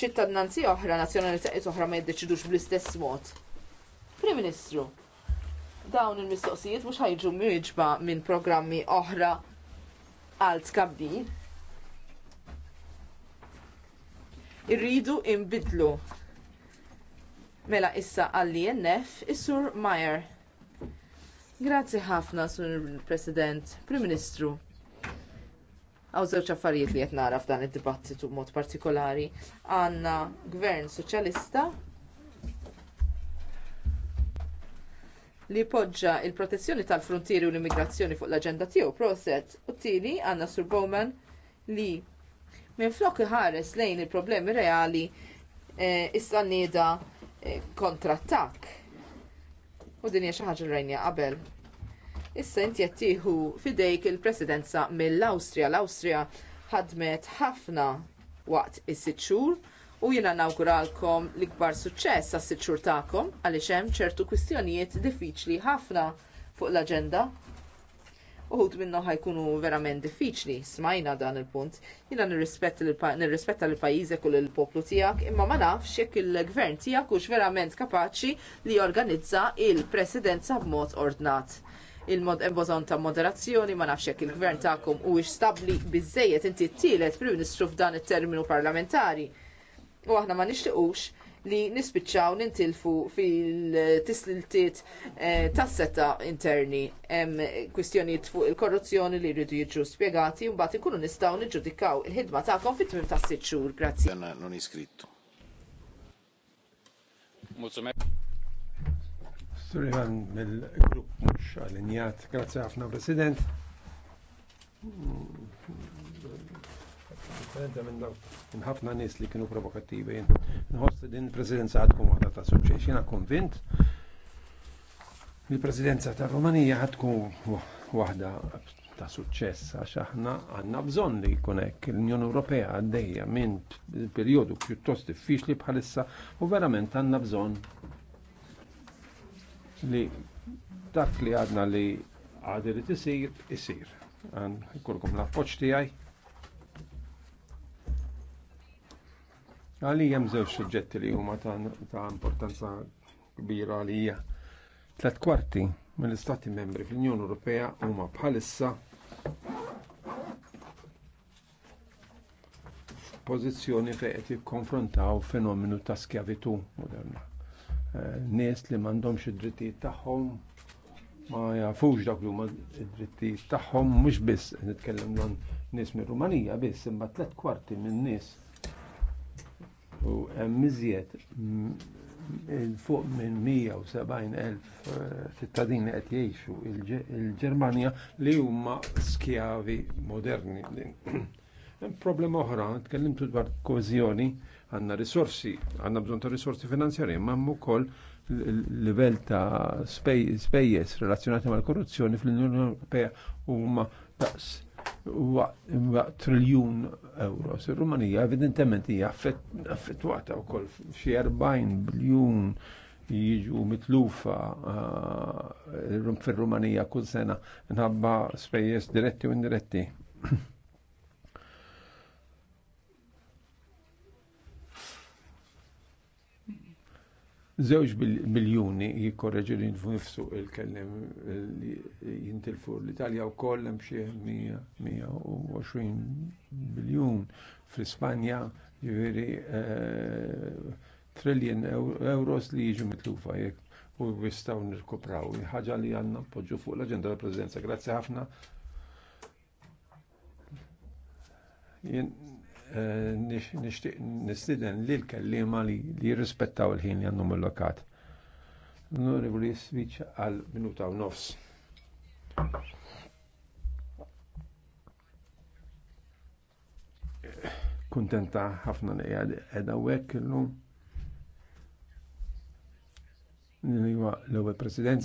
ċittadnanzi oħra, nazzjonalitajiet oħra ma jiddeċidux bl-istess mod. Prim Ministru, dawn il-mistoqsijiet mhux ħajġu mwieġba minn programmi oħra għal tkabbir. Irridu imbidlu. Mela issa għall-INF is-Sur Mayer. Grazzi ħafna, Sur President, Prim Ministru. Għaw żewġ affarijiet li qed nara f'dan id-dibattitu b'mod partikolari. Għandna gvern soċjalista li poġġa l protezzjoni tal-frontieri u l-immigrazzjoni fuq l-aġenda tiegħu proset u tieni għandna Sur Bowman li minflok iħares lejn il-problemi reali eh, issa nieda e, eh, U din hija xi ħaġa li rajnija qabel issa sent qed fidejk il-presidenza mill-Awstrija. L-Awstrija ħadmet ħafna waqt is-sitt xhur u jiena nawguralkom l-ikbar suċċess għas sitt xhur tagħkom għaliex hemm ċertu kwistjonijiet diffiċli ħafna fuq l-aġenda. Uħud minnu ħajkunu verament diffiċli, smajna dan il-punt. Jiena nirrispetta l pajjiżek u l-poplu tiegħek, imma ma nafx jekk il-gvern tiegħek hux verament kapaċi li jorganizza l presidenza b'mod ordnat il-mod ta' moderazzjoni ma nafx il-gvern tagħkom u stabbli bizzejet inti t-tielet prim ministru f'dan it-terminu parlamentari. U aħna ma nixtiequx li nispiċċaw nintilfu fil-tisliltiet eh, tas-seta interni hemm kwistjonijiet fuq il-korruzzjoni li jridu jiġu spjegati u mbagħad ikunu nistgħu niġġudikaw il-ħidma tagħkom fit-tmiem tas-sitt xhur. Grazzi. Non iskrittu. Surivan mill-grupp mhux allinjat, grazzi ħafna President. minn dawk ħafna nies li kienu provokattivi. Nħoss din il-Presidenza għadkom waħda ta' suċċess. Jiena konvint il-Presidenza ta' Rumanija tkun waħda ta' suċċess għax aħna għandna bżonn li jkun hekk. L-Unjoni Ewropea għaddejja minn perjodu pjuttost diffiċli bħalissa u verament għandna bżonn li dak li għadna li għadi li tisir, isir. Għan kurkum l-appoċ tijaj. Għalli jem zewġ suġġetti li huma ta' importanza kbira għalija. Tlet kwarti mill-Istati membri fl-Unjoni Ewropea huma bħalissa f'pożizzjoni fejn qed jikkonfrontaw fenomenu ta' skjavitu moderna nies li m'għandhomx id-drittijiet tagħhom ma jafux dak li huma id-drittijiet tagħhom mhux biss nitkellem dan nies mir-Rumanija biss imma tliet kwarti min-nies u hemm iżjed fuq minn 170.000 cittadini eh, qed jgħixu il-Ġermanja li huma skjavi moderni. Hemm problema oħra, tkellimtu dwar kożjoni għanna risorsi, għandna bżonn ta' risorsi finanzjarji, ma' l level ta' spejjeż relazzjonati mal-korruzzjoni fl-Unjoni Ewropea huma daqs triljun euro. Ir-Rumanija evidentement hija affettwata wkoll xi 40 biljun jiġu mitlufa ah, fir-Rumanija kull sena nħabba spejjeż diretti u indiretti. Zewġ miljoni jikkorreġu li nifsu il-kellem li jintilfu l-Italja u koll hemm xi 120 biljun fl-Ispanja jiġifieri trillion euros li jiġu mitlufa jekk u jistgħu nirkupraw. Ħaġa li għandna poġġu fuq l-aġenda tal-Presidenza. Grazzi ħafna. Eh, nishtiq nistiden li l-kellima li jirrispettaw il-ħin li għandhom il-lokat. Onorevoli Switch għal minuta u nofs. Kuntenta ħafna li għedha għek l-lum. L-ewwel presidenza